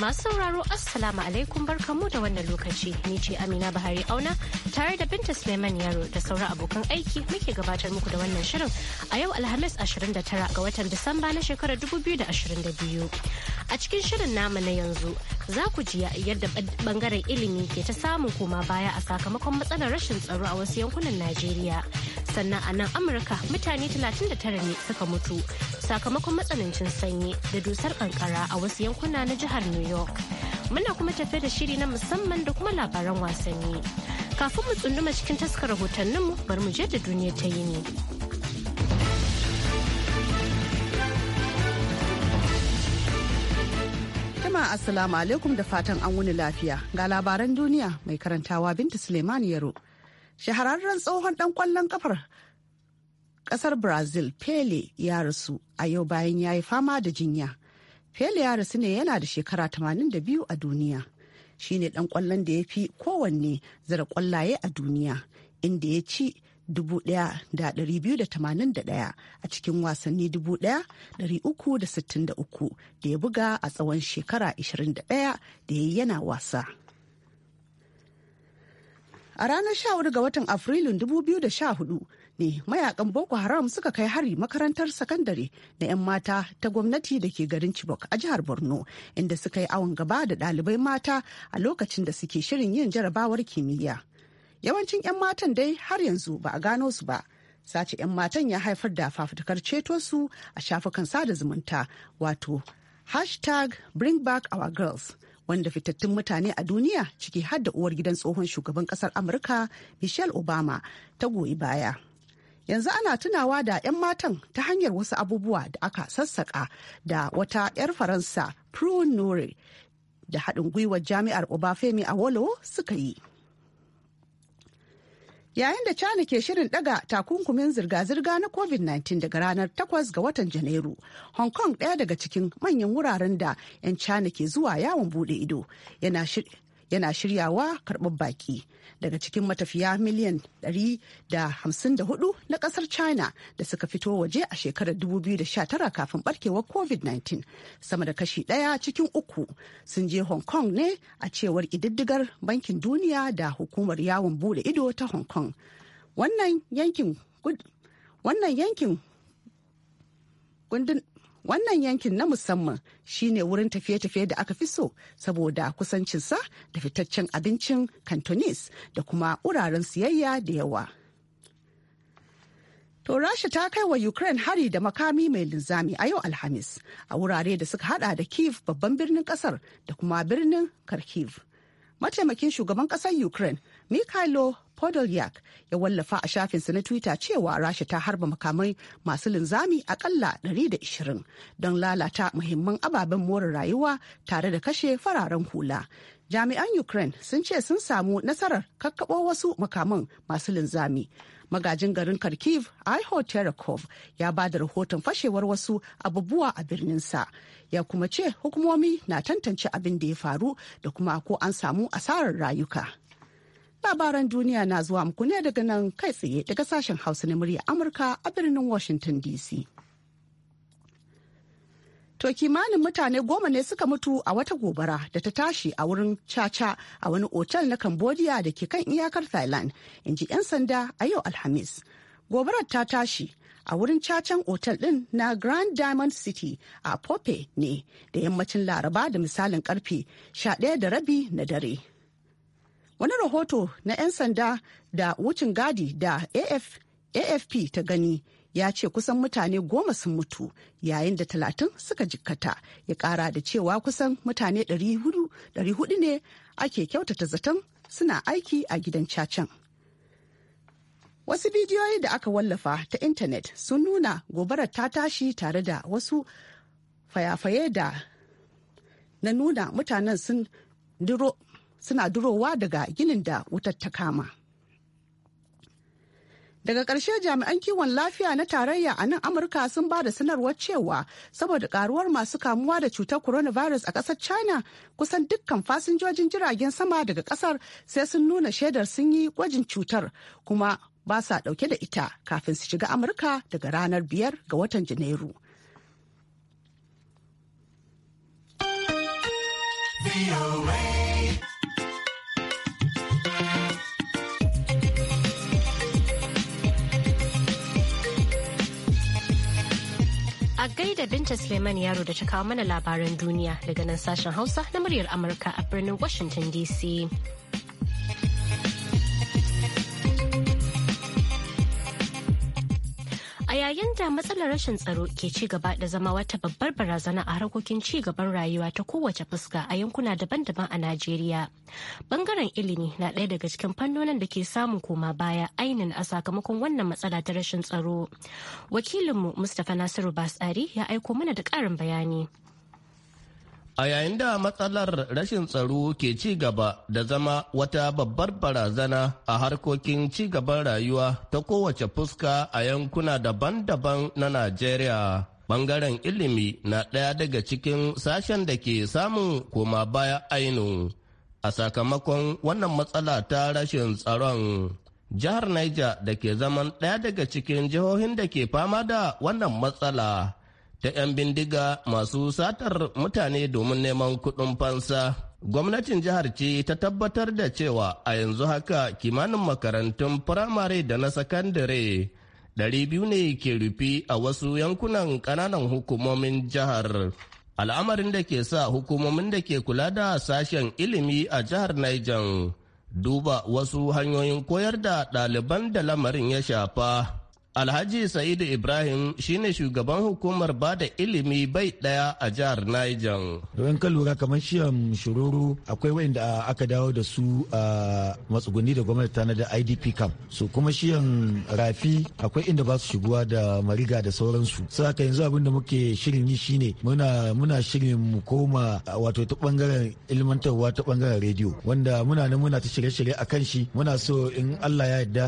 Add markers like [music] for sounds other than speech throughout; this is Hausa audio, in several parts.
Masu sauraro Assalamu alaikum barkamu da wannan lokaci ni ce Amina Bahari Auna tare da Binta Suleiman Yaro da sauran abokan aiki muke gabatar muku da wannan shirin a yau Alhamis 29 ga watan Disamba na shekarar 2022. A cikin shirin namu na yanzu za ku ji yadda bangaren ilimi ke ta samun koma baya a sakamakon matsalar rashin tsaro a wasu yankunan Najeriya. Sannan a nan Amurka mutane 39 ne suka mutu sakamakon matsanancin sanyi da dusar kankara a wasu yankuna na jihar New York. Muna kuma tafe da shiri na musamman da kuma labaran wasanni. Kafin mu tsunduma cikin taskar rahotanninmu bari mu je da duniya ta yi ne. Jama'a Assalamu alaikum da fatan an wuni lafiya ga labaran duniya mai karantawa Binta Suleiman Yaro. Shahararren tsohon dan kwallon kafar kasar Brazil Pele ya rasu a yau bayan ya yi fama da jinya. Pele ya rasu ne yana da shekara 82 a duniya. Shi ne ɗan ƙwallon da ya fi kowanne zara ƙwallaye a duniya, inda ya ci 1,281 a cikin wasanni 1,363 da ya buga a tsawon shekara 21 da ya yana wasa. A ranar 14 ga watan Afrilun 2014 ne mayakan boko haram suka kai hari makarantar sakandare na 'yan mata ta gwamnati da ke garin chibok a jihar borno inda suka yi awon gaba da dalibai mata a lokacin da suke shirin yin jarabawar kimiyya yawancin 'yan matan dai har yanzu ba a gano su ba sace 'yan matan ya haifar da fafutukar ceto su a shafukan sada zumunta wato hashtag bring back our girls wanda fitattun mutane a duniya ciki har da uwar gidan tsohon shugaban kasar amurka michelle obama ta goyi baya yanzu ana tunawa da 'yan matan ta hanyar wasu abubuwa da aka sassaka da wata 'yar faransa prune nore da haɗin gwiwar jami'ar obafemi a wolo suka yi yayin da china ke shirin daga takunkumin zirga-zirga na covid-19 daga ranar 8 ga watan janairu hong kong ɗaya daga cikin manyan wuraren da 'yan china ke zuwa yawon bude ido yana yana shiryawa karɓar baki daga cikin matafiya miliyan 154 na ƙasar china da suka fito waje a shekarar 2019 kafin barkewar covid-19 sama da kashi ɗaya cikin uku sun je hong kong ne a cewar ƙididdigar bankin duniya da hukumar yawon bude ido ta hong kong wannan yankin Wannan yankin na musamman shine wurin tafiye-tafiye da aka fi so saboda kusancinsa da fitaccen abincin Cantonese da kuma wuraren siyayya da yawa. To Rasha ta kai wa Ukraine hari da makami mai linzami a yau Alhamis a wurare da suka hada da Kiev babban birnin kasar da kuma birnin Kharkiv. Mataimakin shugaban kasar Ukraine Mikhailo Podolyak ya wallafa a shafinsa na Twitter cewa Rasha ta harba makamai masu linzami akalla 120 don lalata muhimman ababen more rayuwa tare da kashe fararen hula. Jami'an Ukraine sun ce sun samu nasarar kakkaɓo wasu makaman masu linzami. Magajin garin Kharkiv, Iho Terekov, ya ba da rahoton fashewar wasu abubuwa a birninsa. Ya kuma ce hukumomi na tantance abin da ya faru da kuma ko an samu asarar rayuka. labaran duniya na zuwa muku ne daga nan kai tsaye daga sashen hausa na murya amurka a birnin washington dc To kimanin mutane goma ne suka mutu a wata gobara da ta tashi a wurin caca a wani otal na Cambodia da ke kan iyakar Thailand, in ji 'yan sanda a yau Alhamis. Gobarar ta tashi a wurin cacan otal din na Grand Diamond City a Pope ne da yammacin Laraba da misalin karfe 11 da rabi na dare. wani rahoto na 'yan sanda da wucin gadi da AF, afp ta gani ya ce kusan mutane goma sun mutu yayin da talatin suka jikkata ya kara da cewa kusan mutane 400 ne ake kyautata zaton suna aiki a gidan cacen wasu bidiyoyi da aka wallafa ta intanet sun nuna gobarar ta tashi tare da wasu fayafaye da na nuna mutanen sun suna durowa daga ginin da wutar ta kama. daga ƙarshe jami'an kiwon lafiya na tarayya a nan amurka sun ba da sanarwar cewa saboda karuwar masu kamuwa da cutar coronavirus a ƙasar china kusan dukkan fasinjojin jiragen sama daga ƙasar sai sun nuna shaidar sun yi gwajin cutar kuma ba sa ɗauke da ita kafin su shiga amurka daga ranar biyar ga watan janairu. A gaida Binta Suleiman Yaro da ta kawo mana labaran duniya daga nan sashen Hausa na muryar Amurka a birnin Washington DC. yayin da matsalar rashin tsaro ke ci gaba da zama wata babbar barazana a harkokin ci gaban rayuwa ta kowace fuska a yankuna daban-daban a Najeriya. Bangaren ilimi na ɗaya daga cikin fannonin da ke samun koma baya ainin a sakamakon wannan matsala ta rashin tsaro. Wakilinmu Mustapha Nasiru Basari ya aiko mana da ƙarin bayani. A yayin da matsalar rashin tsaro ke ci gaba da zama wata babbar barazana a harkokin ci gaban rayuwa ta kowace fuska a yankuna daban-daban na Najeriya. Bangaren ilimi na ɗaya daga cikin sashen da ke samun koma baya ainu a sakamakon wannan matsala ta rashin tsaron. Jihar Niger da ke zaman ɗaya daga cikin jihohin da ke fama da wannan matsala ta 'yan bindiga masu satar mutane domin neman kuɗin fansa. Gwamnatin jihar ce ta tabbatar da cewa a yanzu haka kimanin makarantun firamare da na sakandare ɗari biyu ne ke rufi a wasu yankunan ƙananan hukumomin jihar. Al'amarin da ke sa hukumomin da ke kula da sashen ilimi a jihar Niger duba wasu hanyoyin koyar da ɗaliban da lamarin ya shafa. Alhaji Sa'idu Ibrahim shine shugaban hukumar ba da ilimi bai daya a jihar Niger. Don ka lura kamar shiyan shururu akwai wayanda aka dawo da su a matsuguni da gwamnati ta da IDP camp. So kuma shiyan rafi akwai inda ba su shigowa da mariga da sauransu. Saka yanzu abin da muke shirin yi shine muna shirin mu koma wato ta bangaren ilmantarwa ta bangaren rediyo wanda muna nan muna ta shirye-shirye akan shi muna so in Allah ya yarda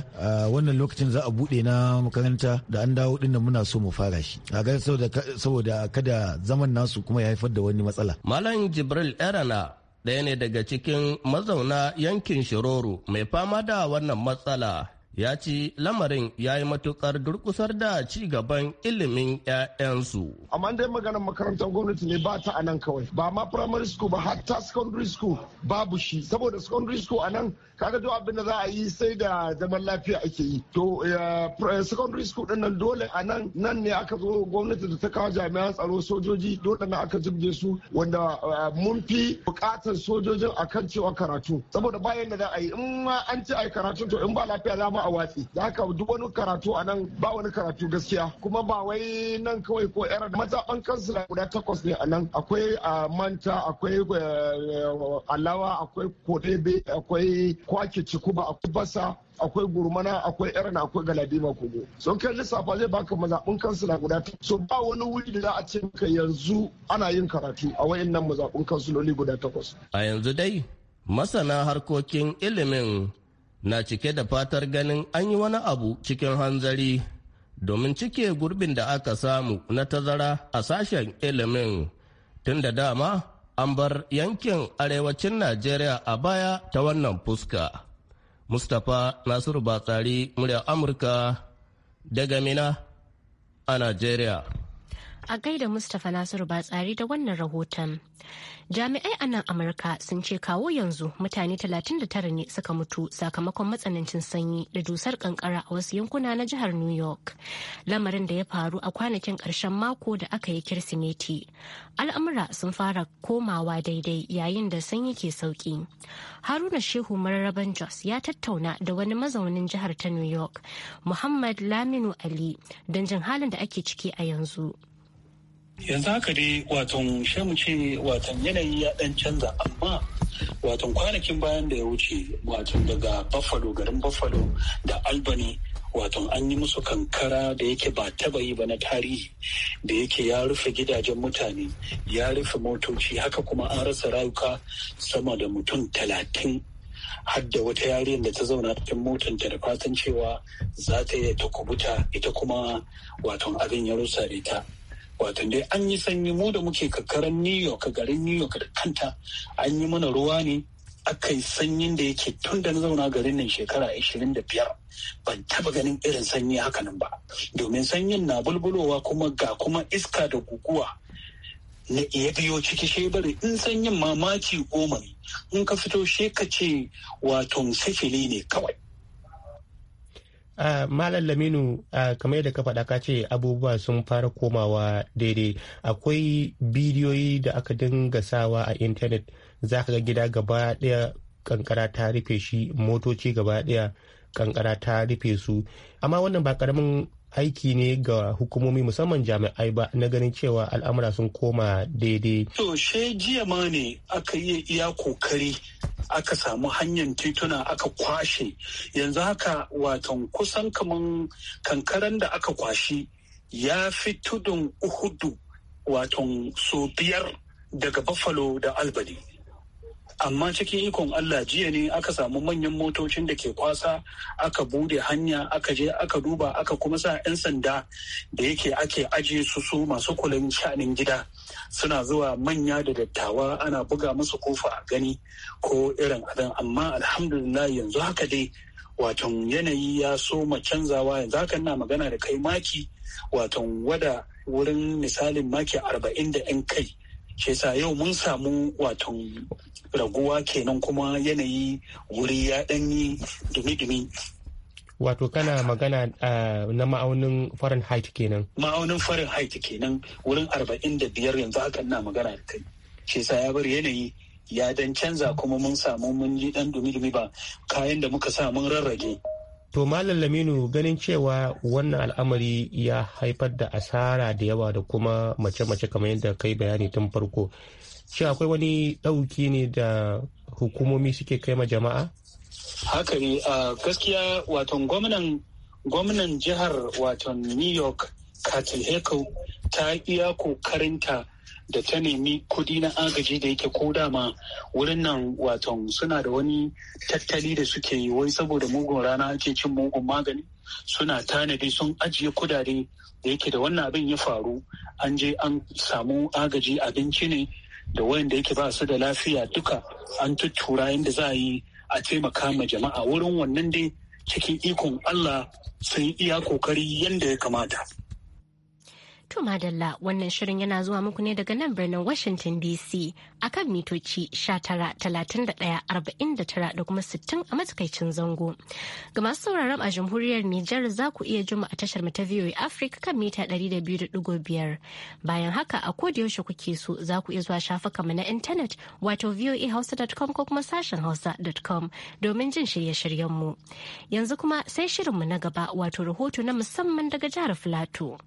wannan lokacin za a bude na makaranta da an dawo din muna so mu fara shi a ga saboda kada zaman nasu kuma ya haifar da wani matsala malam jibril erana daya ne daga cikin mazauna yankin shiroro mai fama da wannan matsala ya ci lamarin ya yi matukar durkusar da ci gaban ilimin 'ya'yansu. amma dai maganar makarantar gwamnati ne ba ta anan kawai ba ma primary school ba hatta secondary school babu shi saboda secondary school anan kaga duk abin da za a yi sai da zaman lafiya ake yi to secondary school din nan dole a nan nan ne aka zo gwamnati da ta kawo jami'an tsaro sojoji dole na aka jibge su wanda eh, mun fi bukatar sojojin akan cewa karatu saboda bayan da za a yi in ma an ce a yi karatu to in ba lafiya za mu a watsi da haka duk wani karatu a nan ba wani karatu gaskiya kuma ba wai nan kawai ko yar mazaban kansila guda takwas ne a nan akwai eh, manta akwai eh, alawa akwai kodebe akwai ko ci kuma akwai basa akwai gurmana akwai irin akwai galadima kogo sun kai lissafa zai baka mazaɓin kansu na guda so ba wani wuri da za a ce maka yanzu ana yin karatu a nan mazaɓin kansiloli guda takwas a yanzu dai masana harkokin ilimin na cike da fatar ganin an yi wani abu cikin hanzari domin cike gurbin da aka samu na tazara a sashen ilimin tun da dama an bar yankin arewacin Najeriya a baya ta wannan fuska. Mustapha Nasiru Batsari, murya Amurka, daga Mina a Najeriya. a gaida Mustapha Nasiru Batsari da wannan rahoton. Jami'ai a nan Amurka sun ce kawo yanzu mutane 39 ne suka mutu sakamakon matsanancin sanyi da dusar kankara a wasu yankuna na jihar New York. Lamarin da ya faru a kwanakin ƙarshen mako da aka yi Kirsimeti. Al'amura sun fara komawa daidai yayin da sanyi ke sauki. Haruna Shehu Mararaban Jos ya tattauna da wani mazaunin jihar ta New York, Muhammad Laminu Ali, don jin halin da ake ciki a yanzu. yanzu haka dai watan shamu ce watan yanayi ya dan canza amma watan kwanakin bayan da ya wuce watan daga buffalo garin buffalo da albany watan an yi musu kankara da yake ba taba yi ba na tarihi da yake ya rufe gidajen mutane ya rufe motoci haka kuma an rasa rayuka sama da mutum talatin hadda wata yariyar da ta zauna cikin motanta da fatan cewa za ta yi ta kubuta ita kuma waton abin ya rusa da ita wato dai an yi sanyi mu da muke kakkarar new york garin new york da kanta an yi mana ruwa ne aka yi sanyin da yake tun da na zauna garin nan shekara 25 ban taba ganin irin sanyi hakanan ba domin sanyin na bulbulowa kuma ga kuma iska da guguwa na iya biyo ciki shebari in sanyin mamaki goma in ka fito she ka ce wato sifili ne kawai malam laminu kamar yadda ka faɗa ka ce abubuwa sun fara komawa daidai akwai bidiyoyi da aka dinga sawa a intanet za ka ga gida gaba ɗaya kankara ta rufe shi motoci gaba ɗaya kankara ta rufe su amma wannan ba karamin aiki ne ga hukumomi musamman jami'ai ba na ganin cewa al'amura sun koma daidai. To she jiya ma ne aka yi iya kokari aka samu hanyar tituna aka kwashe yanzu haka watan kusan kaman kankaran da aka kwashi ya fi tudun uhudu watan so biyar daga buffalo da albany amma cikin ikon Allah jiya ne aka samu manyan motocin da ke kwasa aka bude hanya aka je aka duba aka kuma sa 'yan sanda da yake ake ajiye su su masu kulan sha'anin gida suna zuwa manya da dattawa ana buga musu kofa a gani ko irin adan amma alhamdulillah yanzu haka dai watan yanayi ya soma canzawa yanzu haka na magana da kai maki watan wada wurin misalin maki arba'in da 'yan kai shi sa yau mun samu wato raguwa kenan kuma yanayi wuri ya ɗanyi dumi-dumi wato kana magana na ma'aunin fahrenheit kenan ma'aunin fahrenheit kenan wurin arba'in da biyar yanzu hakan na magana da kai shi sa ya bar yanayi ya dan canza kuma mun samu mun ji dan dumi-dumi ba kayan da muka sa mun rarrage To Malam Laminu ganin cewa wannan al'amari ya haifar da asara da yawa da kuma mace-mace kamar yadda kai bayani tun farko. Shi akwai wani ɗauki ne da hukumomi suke kai ma jama'a? Haka ne, gaskiya waton gwamnan gwamnan jihar waton New York, Katil Heko, ta iya kokarinta da ta nemi kuɗi na agaji da yake ko dama wurin nan waton suna da wani tattali da suke yi wai saboda mugun rana ake cin mugun magani suna tanadi sun ajiye kudade da yake da wannan abin ya faru an je an samu agaji abinci ne da wayanda yake ba su da lafiya duka an tuttura yadda za a yi a taimaka ma jama'a wurin wannan dai cikin ikon Allah sun iya kokari yadda ya kamata. To Madalla wannan shirin yana zuwa muku ne daga nan birnin Washington DC akan mitoci 19,31,49 da kuma 60 a matsakaicin zango. Ga masu sauraron a jamhuriyar Nijar za ku iya jima a tashar ta VOA afirka kan mita 200.5. Bayan haka a koda yaushe kuke so za ku iya zuwa mu na intanet wato voahausa.com ko kuma sashen hausa.com domin jin shirye-shiryenmu. Yanzu kuma sai shirinmu na gaba wato rahoto na musamman daga jihar Filato.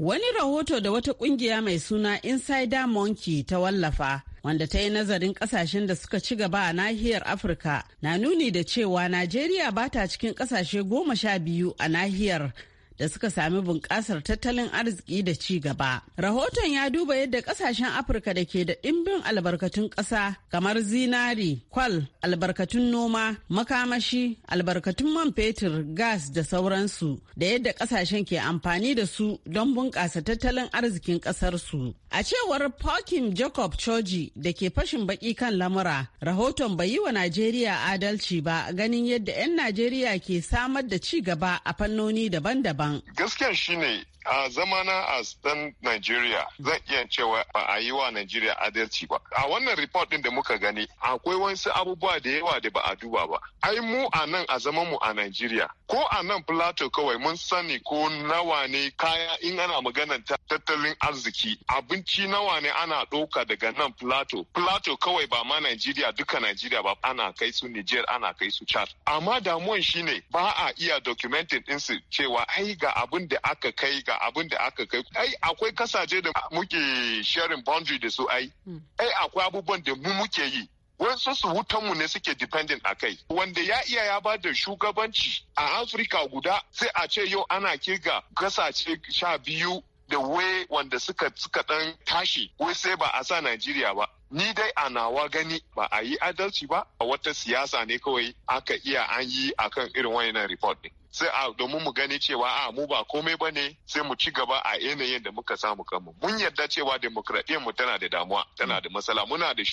Wani rahoto da wata kungiya mai suna Insider Monkey ta wallafa wanda ta yi nazarin kasashen da suka ci gaba a nahiyar Afirka na nuni da cewa Najeriya ba ta cikin kasashe goma sha biyu a nahiyar da suka sami bunƙasar tattalin arziki da ci gaba. Rahoton ya duba yadda ƙasashen Afirka da ke da ɗimbin albarkatun ƙasa kamar zinari, kwal, albarkatun noma, makamashi, albarkatun man fetur, gas da sauransu da yadda ƙasashen ke amfani da su don bunƙasa tattalin arzikin ƙasarsu. A cewar Pokim Jacob Choji da ke fashin baƙi kan lamura, rahoton bai yi wa Najeriya adalci ba ganin yadda 'yan Najeriya ke samar da ci gaba a fannoni daban-daban. Gaskiyar shi shine a zamana a dan Najeriya zan iya cewa ba a yi wa Najeriya adalci ba. A wannan report din da muka gani akwai wasu abubuwa da yawa da ba a duba ba. Ai mu a nan a zaman mu a Najeriya ko a nan Plateau kawai mun sani ko nawa ne kaya in ana maganar tattalin arziki abinci nawa ne ana ɗauka daga nan Plateau. Plateau kawai ba ma Najeriya duka Najeriya ba ana kai su Niger ana kai su Chad. Amma damuwan shine ba a iya documenting ɗinsu cewa ai ga abin da aka kai ga abin da aka kai ai akwai kasaje da muke sharing boundary da su ai hmm. ai akwai abubuwan da mu muke yi wasu su mu ne suke dependent a kai wanda ya iya ya ba da shugabanci a afirka guda sai a ce yau ana kirga kasace sha biyu da wai wanda suka suka dan tashi wai sai ba a sa najeriya ba ni dai a nawa gani ba a yi adalci ba a wata siyasa ne kawai aka iya an yi akan irin wayannan report din sai a domin mu gani cewa a mu ba komai ba ne sai mu ci gaba a yanayin da muka samu kanmu mun yarda cewa demokradiyyar mu tana da damuwa tana da matsala muna da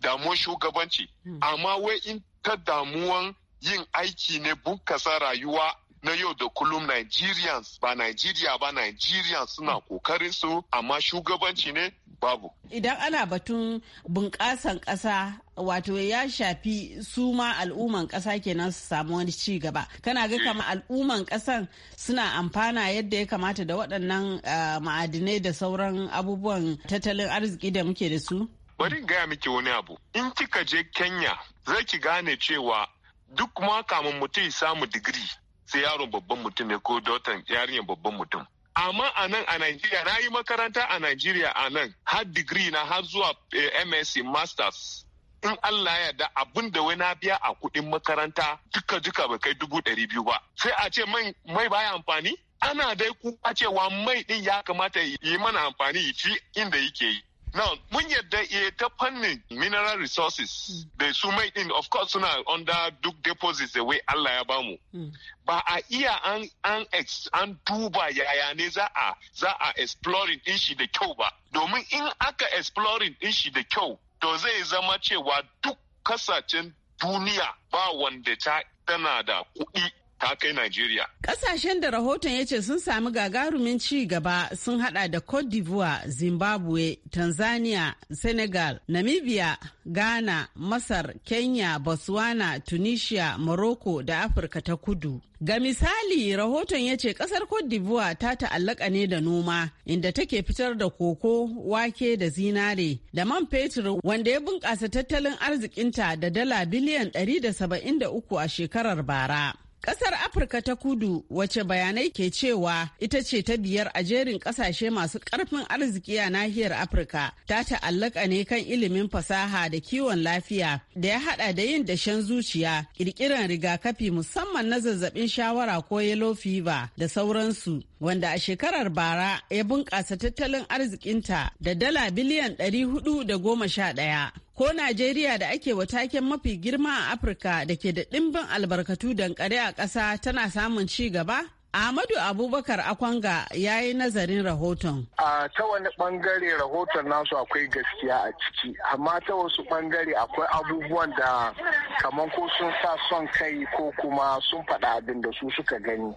damuwar shugabanci hmm. amma wai in ta damuwan yin aiki ne bunkasa rayuwa na yau da kullum Nigerians ba Nigeria ba Nigerians suna hmm. kokarin su amma shugabanci ne babu. Idan ana batun bunƙasan ƙasa wato ya shafi su ma al'umman ƙasa kenan su samu wani ci gaba. Kana ga hmm. kama al'umman ƙasan suna amfana yadda ya kamata da waɗannan eh, ma'adinai da sauran abubuwan tattalin arziki da muke da su? Bari gaya miki wani abu. In kika je Kenya za ki gane cewa duk ma kamun mutum samu digiri sai yaron babban mutum ne ko dotan yarinyar babban mutum. amma a nan a Najeriya na yi makaranta a Najeriya a nan har digiri na har zuwa eh, MSc masters in Allah ya da abin da wai na biya a kuɗin makaranta duka duka ba kai dubu ɗari biyu ba sai a ce mai baya amfani ana dai kuka cewa mai ɗin ya kamata yi mana amfani ci inda yake yi Now, mun yadda iya ta fannin mineral resources mm. da su mai din of course suna under duk deposits da way Allah ya bamu. Mm. Ba a iya an ex an duba yaya ne za a za a exploring din shi da kyau ba. Domin in aka exploring din shi da kyau, to zai zama cewa duk kasashen duniya ba wanda ta tana da kuɗi ta kai Najeriya. Kasashen da rahoton ya ce sun sami gagarumin ci gaba sun hada da Cote d'Ivoire, Zimbabwe, Tanzania, Senegal, Namibia, Ghana, Masar, Kenya, Botswana, Tunisia, Morocco da Afirka ta Kudu. Ga misali, rahoton ya ce kasar Cote d'Ivoire ta ta'allaka ne da noma, inda take fitar da koko, wake da zinare, da man fetur wanda ya bunƙasa tattalin arzikinta da dala biliyan 173 a shekarar bara. Ƙasar Afirka ta kudu wace bayanai ke cewa ita ce ta biyar a jerin kasashe masu ƙarfin arziki a nahiyar Afirka ta ta'allaka ne kan ilimin fasaha da kiwon lafiya da ya haɗa da yin dashen zuciya, kirkiran rigakafi musamman na zazzabin shawara ko yellow fever da sauransu wanda a shekarar bara ya bunƙasa tattalin arzikinta da dala biliyan ɗari da goma sha ɗaya? ko Najeriya da ake wa taken mafi girma a Afirka da ke da ɗimbin albarkatu dankare a ƙasa tana samun ci gaba? Ahmadu Abubakar Akwanga ya yi nazarin rahoton. A ta wani bangare rahoton nasu akwai gaskiya a ciki, amma ta wasu bangare akwai abubuwan da kamar ko sun sa son kai ko kuma sun faɗa abin da su suka gani.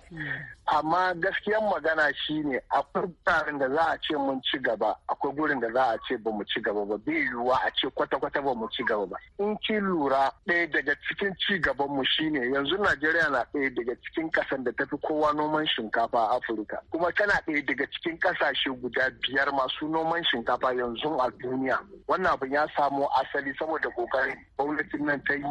Amma gaskiyan magana shine akwai gurin da za a ce mun ci gaba, akwai gurin da za a ce ba mu ci gaba ba, bai yiwuwa a ce kwata-kwata ba mu ci gaba ba. In ki lura ɗaya daga cikin ci gaban mu shine yanzu Najeriya na ɗaya daga cikin ƙasan da tafi kowa noman shinkafa a Afirka. Kuma tana ɗaya daga cikin ƙasashe guda biyar masu noman shinkafa yanzu a duniya. Wannan abin ya samo asali saboda ƙoƙarin gwamnatin nan ta yi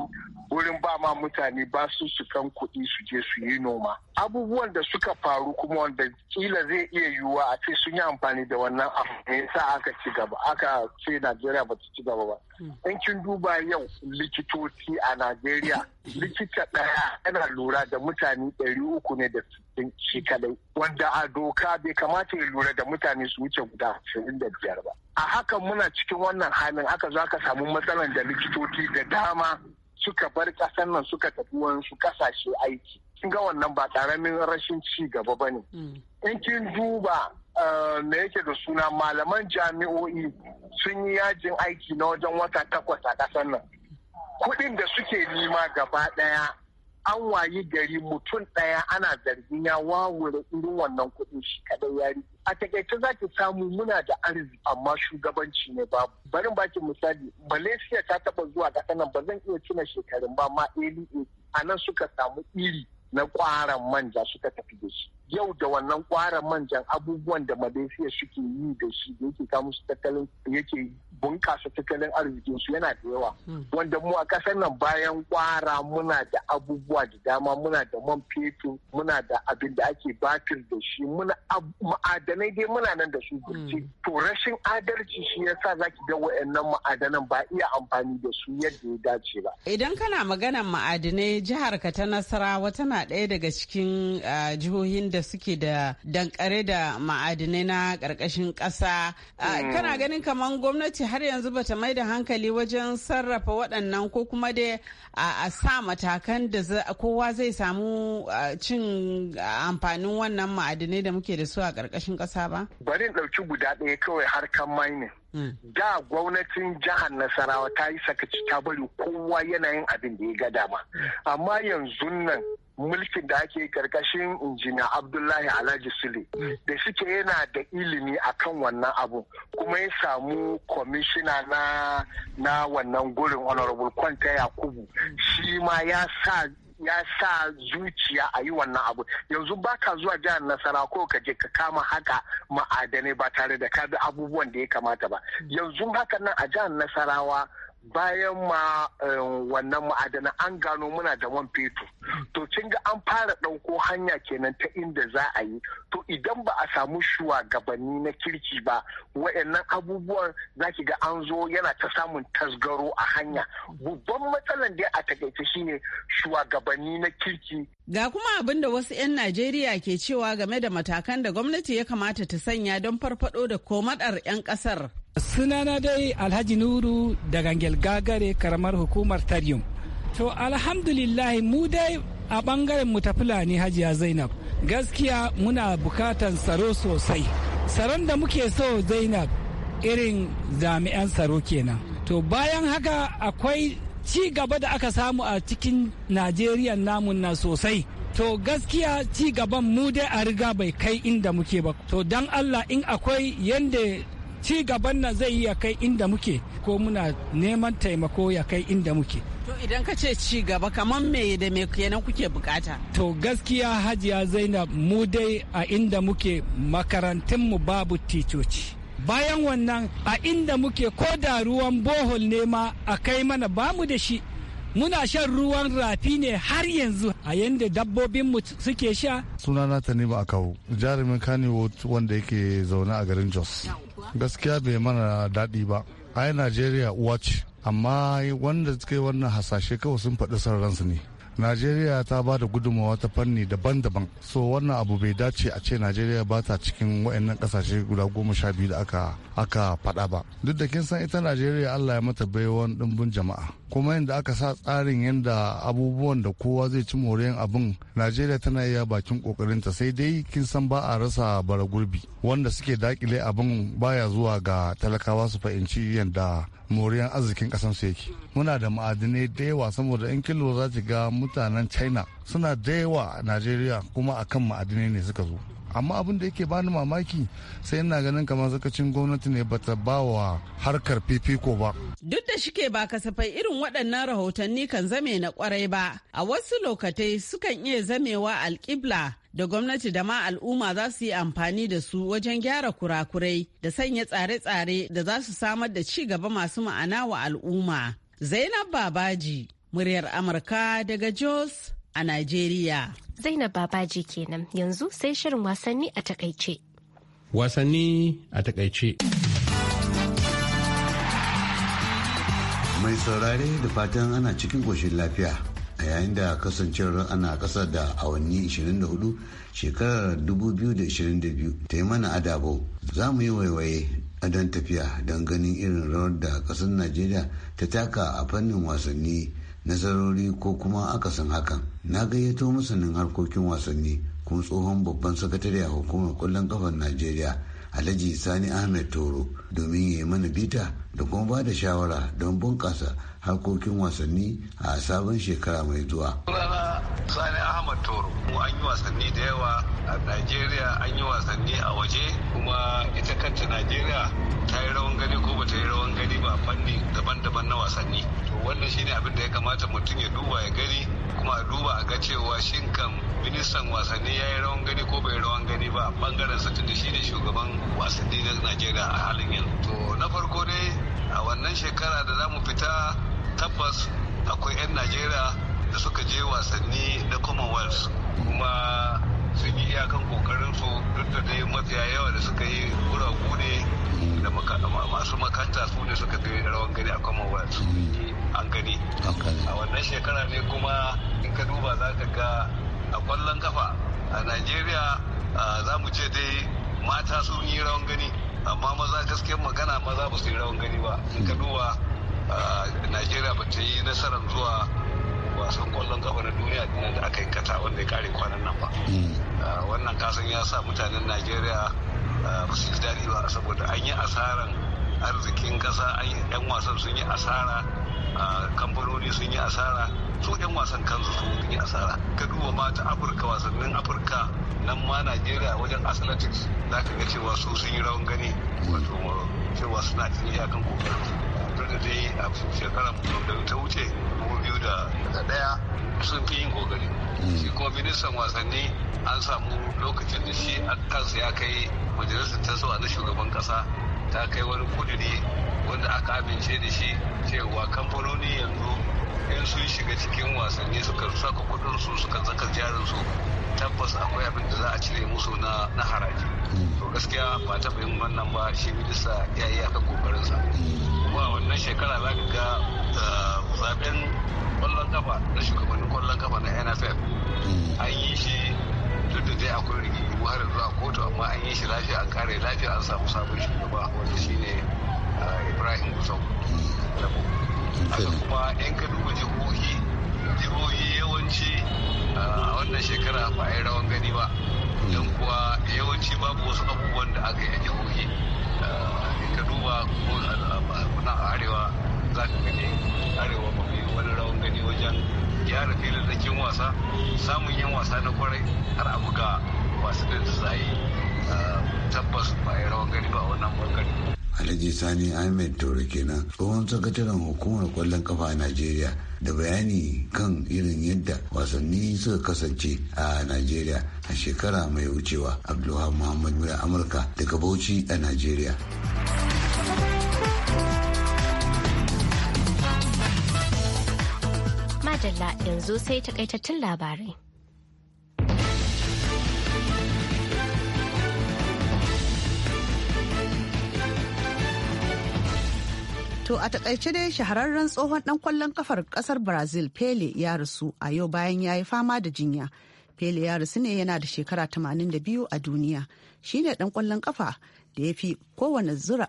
wurin ba ma mutane ba su su kan kuɗi su je su yi noma. Abubuwan da suka faru kuma wanda kila zai iya yiwuwa a ce sun yi amfani da wannan abu ne sa aka ci gaba aka ce Najeriya ba ta ci gaba ba. Mm. in kin duba yau likitoci a najeriya [laughs] likita ɗaya yana lura da mutane ɗari uku ne da sittin shi kadai wanda a doka bai kamata ya lura da mutane su wuce guda ashirin da biyar ba a haka muna cikin wannan halin aka za ka samu matsalar da likitoci da dama suka bar ƙasar nan suka tafi wasu ƙasashe aiki kin ga wannan ba ƙaramin rashin ci gaba ba ne mm. in kin duba Eh, me yake da suna malaman jami'o'i sun yi yajin aiki na wajen wata takwas a ƙasar nan kuɗin da suke nima gaba ɗaya an wayi gari mutum ɗaya ana zargin ya wawure irin wannan kuɗin shi kadai ya a takaice za ki samu muna da arziki amma shugabanci ne babu barin baki misali malaysia ta taɓa zuwa ga nan ba zan iya tuna shekarun ba ma a nan suka samu iri na ƙwaran manja suka tafi da shi yau da wannan kwara manjan abubuwan da malaysia suke yi da shi da yake kamun su tattalin yake bunkasa tattalin arzikin su yana da yawa hmm. wanda mu a kasar nan bayan kwara muna da abubuwa da dama muna da man fetur muna da abin da ake batir da shi muna ma'adanai dai muna nan da su burci hmm. to rashin adalci shi ya yasa zaki ga wayannan ma'adanan ba iya amfani da su yadda ya dace ba idan kana maganan ma'adanai jihar ka ta nasarawa tana ɗaya daga cikin ah, jihohin da suke da dankare da ma'adinai na ƙarƙashin ƙasa. Hmm. Kana ganin kamar gwamnati har yanzu bata mai da hankali wajen sarrafa waɗannan ko kuma dai a sa matakan da kowa zai samu cin amfanin wannan ma'adinai da muke da su a ƙarƙashin ƙasa ba? Bari ɗauki guda ɗaya kawai harkar mining. Hmm. da gwamnatin jihar nasarawa ta yi sakaci ta bari kowa yanayin abin da ya ga dama hmm. amma yanzu nan mulkin da ake karkashin injina abdullahi alhaji sule da suke yana da ilimi akan wannan abu kuma ya samu kwamishina na wannan gurin honorable kwanta yakubu shi ma ya sa ya sa zuciya a yi wannan abu yanzu ba ka zuwa jihar nasara ko ka je ka kama haka ma'adanai ba tare da ka bi abubuwan da ya kamata ba yanzu haka nan a jihar nasarawa bayan ma eh, wannan ma'adanan an gano muna da man fetur to kin ga an fara ɗauko hanya kenan ta inda za a yi to idan ba a samu shugabanni na kirki ba wayannan abubuwan za ki ga an zo yana ta samun tasgaro a hanya babban matsalan da a takaice shine shugabanni na kirki ga kuma abin da wasu 'yan najeriya ke cewa game da matakan da gwamnati ya kamata ta sanya don farfado da komadar 'yan kasar sunana dai alhaji nuru da gangel gagare karamar hukumar taryum To alhamdulillahi mu dai a ɓangaren mu ta ne Hajiya Zainab gaskiya muna bukatan tsaro sosai. Tsaron da muke so Zainab irin jami'an tsaro kenan. To bayan haka akwai ci gaba da aka samu a cikin Najeriya namun na sosai. To gaskiya ci gaban mu dai a riga bai kai inda muke ba. To dan Allah in akwai yanda ci gaban nan zai iya kai inda muke ko muna neman taimako ya kai inda muke to idan ka ce ci gaba kamar me da me kenan kuke bukata to gaskiya hajiya zainab mu dai a inda muke makarantunmu babu ticoci bayan wannan a inda muke ko da ruwan bohol ne ma a kai mana bamu da shi muna shan ruwan rafi ne har yanzu a yadda dabbobinmu suke sha sunana ta ba a kawo jarumin kanewood wanda yake zaune a garin jos gaskiya bai mana daɗi ba ai najeriya uwa ce amma wanda suka yi wannan hasashe kawai sun faɗi son ransu ne najeriya ta ba da gudunmawa ta fanni daban-daban so wannan abu bai dace a ce najeriya ba ta cikin wayannan kasashe guda goma sha biyu da aka faɗa ba duk da kin san ita najeriya allah ya mata baiwan ɗumbin jama'a kuma yadda aka sa tsarin yadda abubuwan da kowa zai ci moriyan abin najeriya tana iya bakin kokarinta sai dai kin san ba a rasa bara gurbi wanda suke dakile abin baya zuwa ga talakawa su fahimci yadda moriyan arzikin kasan su yake muna da ma'adinai da yawa saboda in kin lura za ga mutanen china suna da yawa a najeriya kuma akan ma'adinai ne suka zo amma abin da yake bani mamaki sai ina ganin kamar zakacin gwamnati ne bata ba wa harkar fifiko ba duk da shike ba kasafai irin waɗannan rahotanni kan zame na kwarai ba a wasu lokatai sukan iya zamewa alƙibla da gwamnati da ma al'umma za su yi amfani da su wajen gyara kurakurai da sanya tsare-tsare da za su samar da ci gaba masu ma'ana wa al'umma. Zainab Babaji, muryar Amurka daga Jos a nigeria. Zainab Babaji kenan yanzu sai shirin wasanni a takaice. Wasanni a takaice. Mai saurare da fatan ana cikin ƙoshin lafiya a yayin da kasancewar ana ƙasa da awanni 24 shekarar 2022 ta yi mana adabo za mu yi waiwaye a don tafiya don ganin irin rawar da ƙasar Najeriya ta taka a fannin wasanni. nasarori ko kuma akasin hakan na gayyato masanin harkokin wasanni kuma tsohon babban sakatare a hukumar ƙwallon kafar najeriya alhaji sani ahmed toro domin ya yi mana bita da kuma ba da shawara don bunƙasa harkokin wasanni a sabon shekara mai zuwa. Sani Ahmad Toro mu an yi wasanni da yawa a Najeriya an yi wasanni a waje kuma ita kanta Najeriya ta yi rawan gani ko bata yi rawan gani ba fanni daban-daban na wasanni. To wannan shine abin da ya kamata mutum ya duba ya gani kuma a duba a ga cewa shin kan ministan wasanni ya yi rawan gani ko bai rawan gani ba bangaren sa tunda shine shugaban wasanni na Najeriya a halin yanzu. To na farko dai a wannan shekara da za mu fita tabbas akwai 'yan najeriya da suka je wasanni na commonwealth kuma sun yi iyakan kokarin su duk da dai mafiya yawa da suka yi guragu ne da masu makanta su ne suka fi rawan gani a commonwealth an gani a wannan shekara ne kuma in ka duba za ka ga a kwallon kafa a najeriya za mu ce dai mata sun yi rawan gani amma maza gaskiyar magana maza ba su yi rawan gani ba in ka hmm. duba najeriya ba ta yi nasarar zuwa wasan kwallon kafa na duniya dinnan da aka yi kata wanda ya kare kwanan nan ba hmm. wannan kasan ya sa mutanen najeriya ba su ji daɗi ba saboda an yi asaran arzikin ƙasa yan wasan sun yi asara kamfanoni sun yi asara su yan wasan kansu sun yi asara ka duba ma ta afirka wasannin afirka nan ma najeriya wajen athletics za ka ga cewa su sun yi rawan gani hmm. wato cewa suna cin iyakan kokarin da dai a shekara da ta wuce biyu da daya sun fi yin kokari mm. shi kuma ministan wasanni an samu lokacin da shi kansa ya kai majalisar tasowa na shugaban kasa ta kai wani kudiri wanda aka amince da shi cewa kamfanoni yanzu in sun shiga cikin wasanni suka saka kudinsu suka zaka su tabbas akwai abin da za a cire musu na haraji to gaskiya ba ta bayin wannan ba shi minista ya yi aka sa kuma wannan shekara za ka ga eh, zaben kwallon kafa na shugabannin kwallon kafa na nff an yi shi duk da dai akwai rigingimu har yanzu a kotu amma an yi shi lafiya an kare lafiya an samu sabon shugaba wanda shine ibrahim gusau kuma yan ka duba jihohi jihohi yawanci a wannan shekara ba a yi rawan gani ba don hmm. kuwa yawanci babu wasu abubuwan da aka yi a jihohi in ka duba ko na arewa za ka gani arewa ba mai wani rawan gani wajen gyara filin wasa samun yan wasa na kwarai har abu ga masu da zai tabbas ba a yi rawan gani ba wannan bangare alhaji sani ahmed toro kenan tsohon sakataren hukumar kwallon kafa a najeriya da bayani kan irin yadda wasanni suka kasance a najeriya a shekara mai wucewa Abdullahi muhammad mura amurka daga bauchi a najeriya madalla yanzu sai takaitattun labarai To a takaice dai shahararren tsohon dan kwallon kafar kasar Brazil Pele ya rasu a yau bayan ya yi fama da jinya. Pele ya rasu ne yana da shekara 82 a duniya. Shi ne dan kwallon kafa da ya fi kowanne zira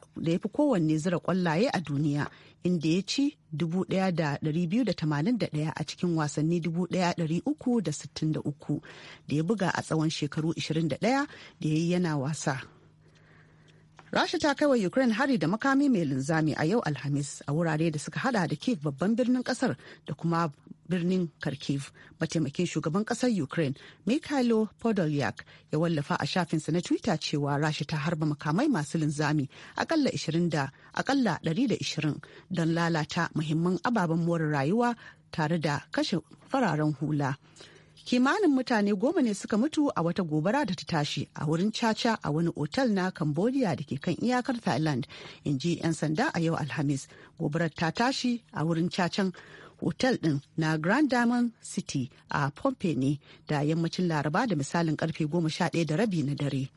kwallaye a duniya inda ya ci 1,281 a cikin wasanni 1,363 da ya buga a tsawon shekaru 21 da ya yi yana wasa. Rasha ta kai wa Ukraine hari da makami mai linzami a yau Alhamis a wurare da suka hada da Kiev babban birnin kasar da kuma birnin Kharkiv. Mataimakin shugaban kasar Ukraine Mikhailo Podolyak ya wallafa a shafinsa na Twitter cewa Rasha ta harba makamai masu linzami akalla 20 da akalla 120 don lalata muhimman ababen more rayuwa tare da kashe fararen hula. kimanin mutane goma ne suka mutu a wata gobara da ta tashi a wurin caca a wani otal na cambodia da ke kan iyakar thailand in ji 'yan sanda a yau alhamis gobarar ta tashi a wurin cacan otal din na grand diamond city a pompe ne da yammacin laraba da misalin karfe 11 da rabi na dare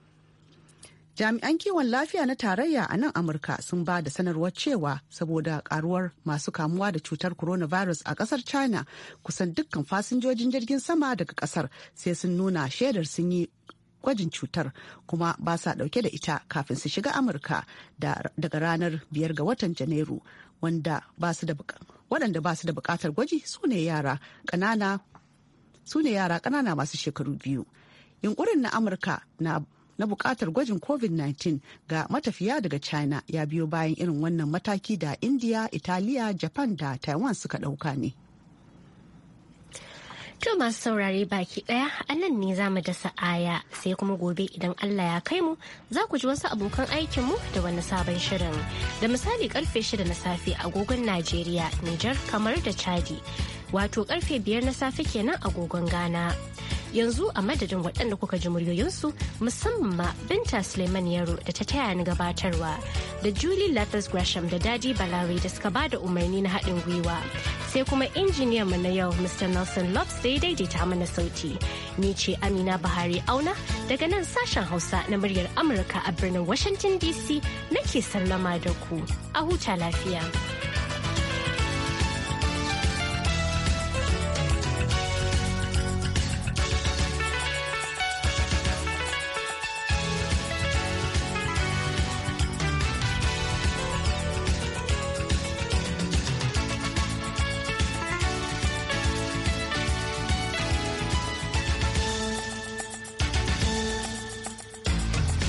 jami'an kiwon lafiya na tarayya a nan amurka sun ba da sanarwar cewa saboda karuwar masu kamuwa da cutar coronavirus a kasar china kusan dukkan fasinjojin jirgin sama daga kasar sai sun nuna shaidar sun yi gwajin cutar kuma ba sa dauke da ita kafin su shiga amurka daga ranar biyar ga watan janairu ba su da waɗanda ba da buƙatar gwaji su ne yara ƙanana masu shekaru biyu yunkurin na amurka na na bukatar gwajin covid-19 ga matafiya daga china ya biyo bayan irin wannan mataki da india italiya japan da taiwan suka dauka ne To masu saurare baki daya a nan ne za mu dasa aya sai kuma gobe idan Allah ya kai mu za ku ji wasu abokan aikinmu da wani sabon shirin. Da misali karfe shida na safe agogon Najeriya, Nijar kamar da Chadi. Wato karfe biyar na safe kenan agogon Ghana. yanzu a madadin waɗanda kuka ji muryoyinsu musamman ma binta suleiman yaro da ta taya ni gabatarwa da julie lathers gresham da dadi balawi da suka ba da umarni na haɗin gwiwa sai kuma injiniyan mu na yau mr nelson lobs da ya daidaita mana sauti ni ce amina Buhari auna daga nan sashen hausa na muryar amurka a birnin washington dc nake sallama da ku a huta lafiya.